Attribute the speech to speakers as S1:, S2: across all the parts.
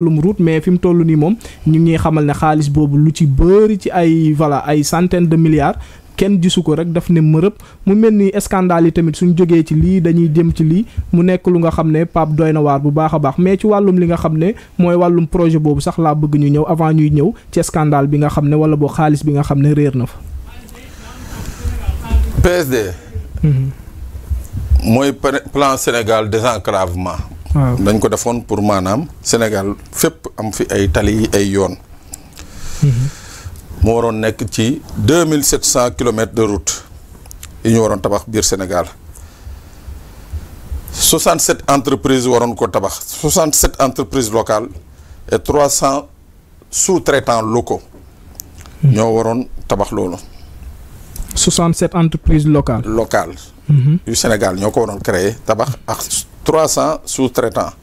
S1: wàllum route mais fi mu toll nii moom ñu ngi xamal ne xaalis boobu lu ci bëri ci ay voilà ay centaines de milliards kenn gisu ko rek daf ne mërëb mu mel ni scandale yi tamit suñ jógee ci lii dañuy jëm ci lii mu nekk lu nga xam ne Pape doy na waar bu baax a baax mais ci wàllum li nga xam ne mooy wàllum projet boobu sax laa bëgg ñu ñëw avant ñuy ñëw ci scandale bi nga xam ne wala bo xaalis bi nga xam ne réer na fa.
S2: PSD. Mhm. mooy plan Sénégal désenclavement. dañ ko defoon pour maanaam Sénégal fépp am fi ay tali ay yoon. Mhm. mu waroon nekk ci deux mille sept cent kilomètres de route yi ñu waroon tabax biir Sénégal. 67 entreprises waroon ko tabax 67 entreprises locales et 300 sous-traitants locaux. Mhm. ñoo waroon tabax loolu.
S1: 67 entreprises locales. locales.
S2: Mhm. yu Sénégal ñoo ko waroon créer tabax trois cent sous-traitants.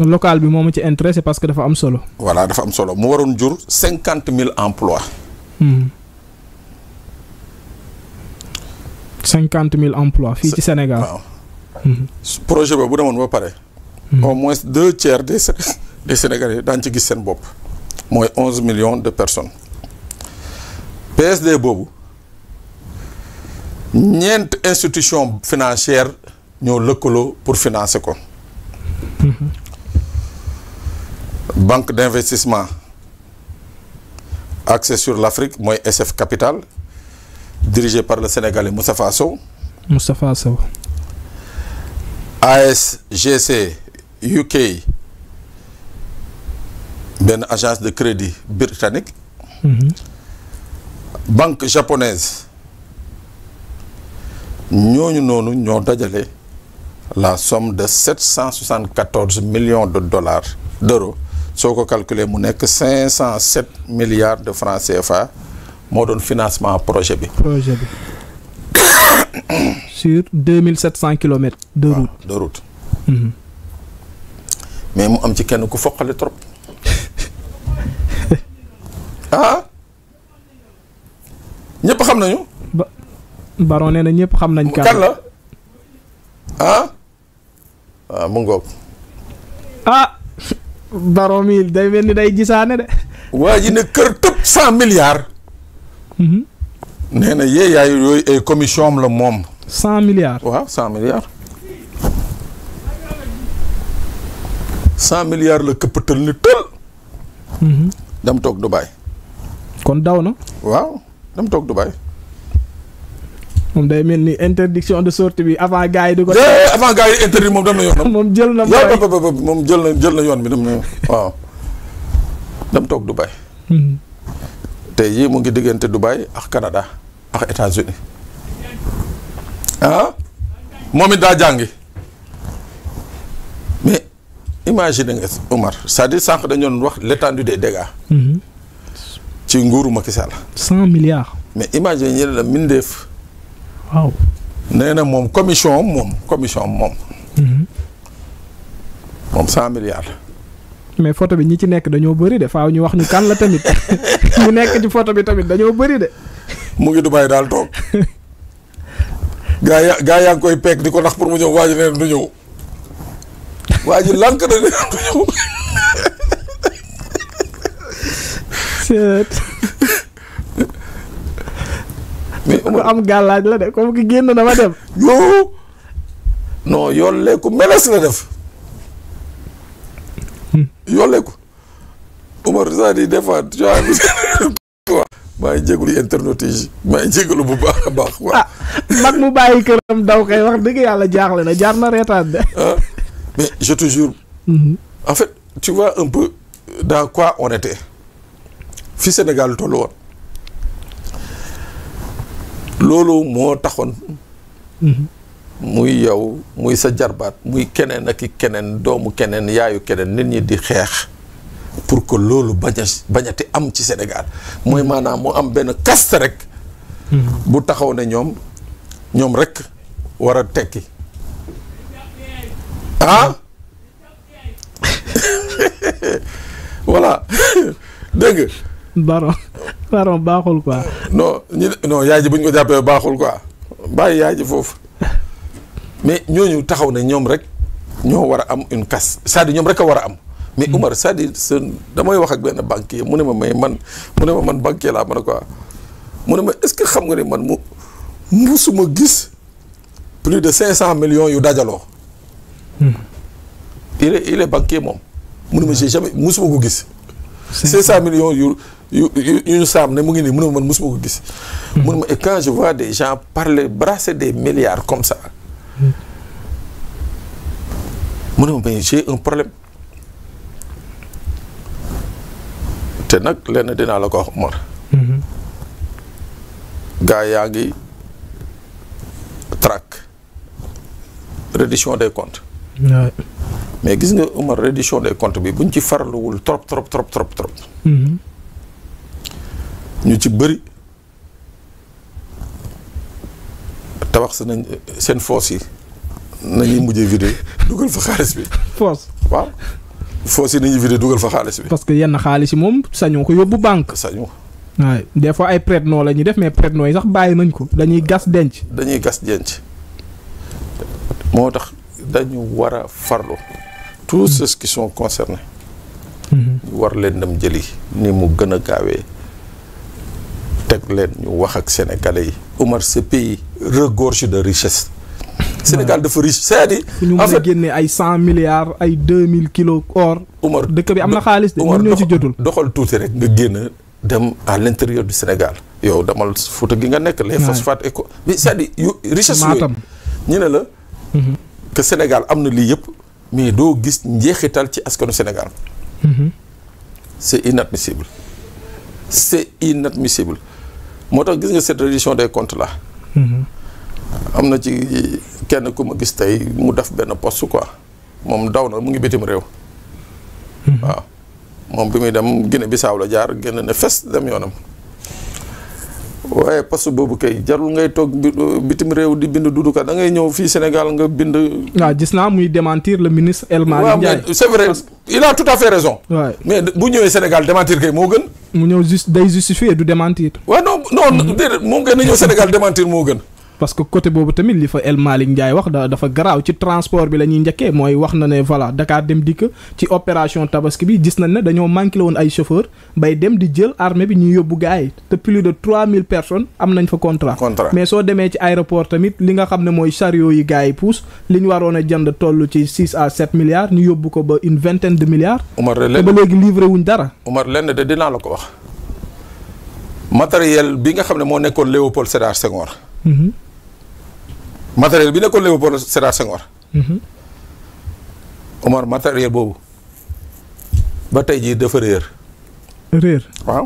S1: local bi moom ci intéressé parce que dafa am solo.
S2: voilà dafa am solo mu waroon jur cinquante mille emplois.
S1: Hmm. cinquante mille emplois fii ci Sénégal.
S2: Hmm. projet boobu bu demoon ba pare. Hmm. au moins deux tiers des sénégal Sénégalais daañu ci gis seen bopp. mooy onze millions de personnes. PSD boobu ñeent institution financière. ñoo lëkkaloo pour financer ko. Mhm. banque d'investissement axée sur l'Afrique mooy SF Capital dirigé par le Sénégalais Moustapha Sow.
S1: Moustapha Sow.
S2: ASGC benn agence de crédit britannique. Mmh. banque japonaise ñooñu noonu ñoo dajale. la somme de 774 millions de dollars d'euros soo ko calculer mu nekk 507 milliards de francs CFA moo doon financement projet bi.
S1: projet bi sur 2700 de route
S2: ah, de route. Mm -hmm. mais mu am ci kenn ku foqale trop. ah
S1: ñëpp xam nañu. baron nee na ñëpp xam nañ. kan la waaw ah, mu ngoog. ah. baroom yi day mel ni day gisaane de. waa ji ne kër tëb cent milliards.
S2: Mhm. nee na yee eh, commission am la moom. cent milliards waaw cent milliards. cent milliards la këppatal ni tël. dam mhm. toog Dubaay. kon daw na. waaw dam toog Dubaay.
S1: moom day mel ni interdiction de sortie bi avant gars yi di ko. Eh,
S2: avant gars yi interdit moom dem na yoonam. moom jël na moom jël na yoon bi dem na waaw. dem toog Dubai. Hmm. tey jii mu ngi diggante Dubai ak Canada ak États-Unis ah moom it daa jàngi mais imagine nga Omar c'est-à-dire sànq dañu doon wax l'étendue des dégâts. Hmm. ci nguuru Macky Sall.
S1: cent milliards.
S2: mais imagine ñu ne la mindeef waaw nee na moom commission moom commission moom. Mhm. moom cent milliards.
S1: mais photo bi ñi ci nekk dañoo bëri de faaw ñu wax ñu kan la tamit ñu nekk ci photo bi tamit dañoo bëri de.
S2: mu ngi Dubaay daal toog gaa ya yaa ngi koy peeg di ko ndax pour mu ñëw waa ji nee du ñëw waa lànk na du ñëw.
S1: mais ku am gàllaaj la de comme que génn na dem. yoo
S2: non yolleeku meles la def hmm. yolleeku Umar saa di des fois tu vois. maa yi maa ngi bu baax baax.
S1: ah mag mu bàyyi këram daw kay wax dëgg yàlla jaaxle na jaar na reetaan de.
S2: Ah, mais je te mhm. en fait tu vois un peu dans quoi on fi Sénégal tollu loolu moo taxoon mhm. muy yow muy sa jarbaat muy keneen ak i keneen doomu keneen yaayu keneen nit ñi di xeex pour que loolu bañ a bañati am ci Sénégal mooy mhm. maanaam mu am benn caste rek mhm. bu taxaw ne ñoom ñoom rek war a tekki ah voilà dégg
S1: baron baron baaxul quoi.
S2: non ñu non yaay ji bu ñu ko jàppee baaxul quoi bàyyi yaay ji foofu mais ñooñu taxaw ne ñoom rek ñoo war a am une casse cest à ñoom rek a war a am. mais hmm. Umar c'est-à-dire seen damay wax ak benn banquier mu ne ma may man mu ne man banquier laa man quoi ah. mu ne ma est-ce que xam nga ne man mu musuma gis plus de cinq cent millions yu dajaloo. Hmm. il est il est banquier moom. mu ne ma j'ai hmm. jamais musuma ko gis. 500 million yu yu yu ñu saam ne mu ngi nii mu ne man mosuma ko gis. Hmm. mu et quand je vois des gens parler brasser des milliards comme ça. mu ne ma mais j'ai un problème. te nag lenn dinaa la ko wax Omar. Hmm. gars yaa ngi traque reddition des comptes.
S1: mais
S2: gis nga Omar reddition des comptes bi buñ ci farluwul trop trop trop. Hmm. ñu ci bëri tabax nañ seen foos yi nañuy mujjee vidéo dugal fa xaalis bi. foos waaw foos yi nañuy vidéo dugal fa xaalis bi.
S1: parce que yenn xaalis yi moom sañoo ko yóbbu banque. sañoo ko. waaw des fois ay prête noo la ñuy def mais prête noo yi sax bàyyi nañ ko dañuy gas denc.
S2: dañuy gas denc moo tax dañu war a farlu. tous mm-hmm. ceux qui sont concernés. Mm-hmm. war leen dem jëli. ni mu gën a gaawee. teg leen ñu wax ak sénégalais yi Omar ce pays regorge de richesse Sénégal dafa riche cest à ñu mën a
S1: génne ay cent milliards ay deux mille kilos or Omar dëkk bi am na xaalis de
S2: ñun ñoo ci jotul doxal tuuti rek nga génn dem à l'intérieur du Sénégal yow damal Fuuta gi nga nekk les phosphates éco bi c'est-à-dire richesse yooyu ñu ne la mhm. que Sénégal am na lii yëpp mais doo gis njeexital ci askanu Sénégal mhm. c'est inadmissible c'est inadmissible moo tax gis nga cette reddition des comptes là. Mhm. am na ci kenn ku ma gis tey mu def benn poste quoi moom daw na mu ngi bitim réew. Mhm. waaw moom bi muy dem Guinée Bissau la jaar génn ne fes dem yoonam. waaye poste boobu kay jarul ngay toog bitim réew di bind duduka da ngay ñëw fii Sénégal nga bind.
S1: waa gis naa muy démentir le ministre El Malick Ndiaye. waaw c'est vrai
S2: il a tout à fait raison. mais bu ñëwee Sénégal démentir kay moo gën.
S1: mu ñëw juste day justifier du démentir.
S2: waaw non non mm-hmm. déedéet moom kay na ñëw Sénégal démentir moo gën.
S1: parce que côté boobu tamit li fa El Malick Ndiaye wax dafa garaaw ci transport bi la ñuy njëkkee mooy wax na ne voilà Dakar dem dikk ci opération tabaski bi gis nañ ne dañoo manqué la woon ay chauffeur bay dem di jël armée bi ñu yóbbu gars yi te plus de mille personnes am nañ fa contrat. contrat mais soo demee ci aéroport tamit li nga xam ne mooy chariot yi gars yi pousse li ñu waroon a jand toll ci 6 à 7 milliards ñu yóbbu ko ba une vingtaine de milliards.
S2: Omar lenn ba léegi
S1: livré wuñ dara.
S2: Omar lenn de dinaa la ko wax bi nga xam ne moo nekkoon Léopold Sédar Senghor. Mm-hmm. matériel bi nekkoon Léopold Sédar Senghor. Mhm. Omar matériel boobu ba tey jii dafa réer. réer waaw.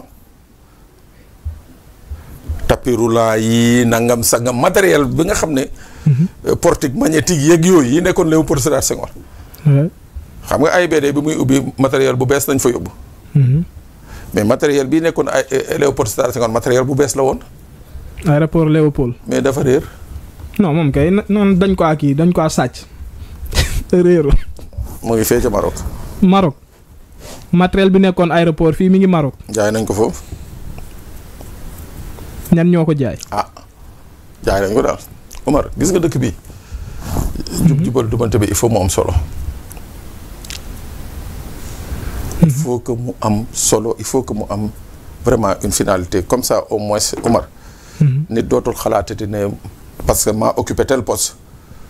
S2: tapis roulant yi nangam sangam matériel bi nga xam ne. Mhm. Euh, portique magnétique yëg yooyu yi nekkoon Léopold Sédar Senghor. xam nga ay AIBD bi muy ubbi matériel bu bees nañ fa yóbbu. Mhm. mais matériel bi nekkoon ay euh, Léopold Sédar Senghor matériel bu bees la woon.
S1: aéroport Léopold. mais dafa réer. non moom kay noonu dañ ko kii dañ ko sàcc réeru. mu ngi fee ca Maroc. matériel bi nekkoon aéroport fii mi ngi Maroc.
S2: jaay nañ ko foofu. ñan ñoo ko jaay. ah jaay nañ ko daal Omar gis nga dëkk bi. jub mhm. jubal dumante bi il faut mu am solo. il mhm. faut que mu am solo il faut que mu am vraiment une finalité comme ça au moins Omar. Mhm. nit dootul xalaatati ne. parce que maa occupé tel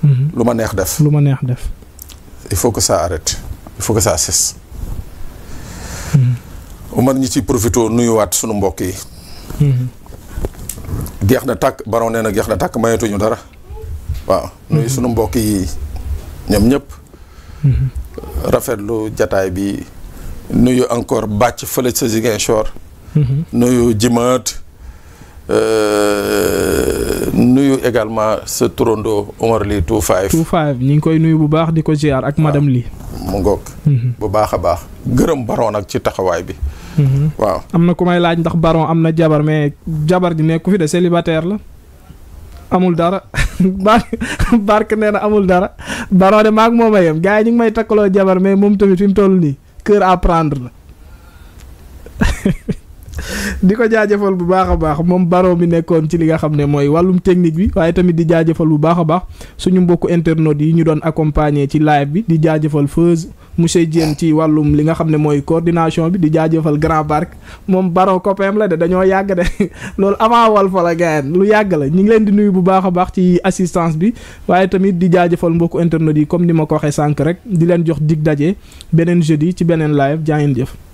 S2: mhm. lu ma neex def. lu ma il faut que ça arrête il faut que ça cesse. Umar mhm. ñi ci profité nuyuwaat sunu mbokk yi. jeex mhm. na tàkk baron nee na na tàkk mayatuñu dara. waaw nuyu sunu mbokk yi ñoom ñëpp. rafetlu jataay bi nuyu encore bàcc fële sa Ziguinchor. nuyu jimaat. Euh, nuyu également sa turandoo Omar Ly two five two
S1: five ñu ngi koy nuyu bu baax di ko ziar ak madame Ly
S2: mu ngoog mhm. bu baax a baax gërëm baron nag ci taxawaay bi mhm. waaw
S1: am na ku may laaj ndax baron am na jabar mais jabar di nekku fi de célibataire la amul dara bark bark nee na amul dara baron de maag moo ma yem gars yi ñu ngi may takkaloo jabar mais moom tamit fi mu toll nii kër à prendre la di ko jaajëfal bu baax a baax moom baro mi nekkoon ci li nga xam ne mooy wàllum technique bi waaye tamit di jaajëfal bu baax a baax suñu mbokku internautes yi ñu doon accompagner ci live bi di jaajëfal Feuz monsieur Dieng ci wàllum li nga xam ne mooy coordination bi di jaajëfal Grand Parc moom baro copain la de dañoo yàgg de loolu avant wal fa la gayan lu yàgg la ñu ngi leen di nuyu bu baax a baax ci assistance bi waaye tamit di jaajëfal mbokk internet yi comme ni ma ko waxee sànq rek di leen jox dig daje beneen jeudi ci beneen live jaa jëf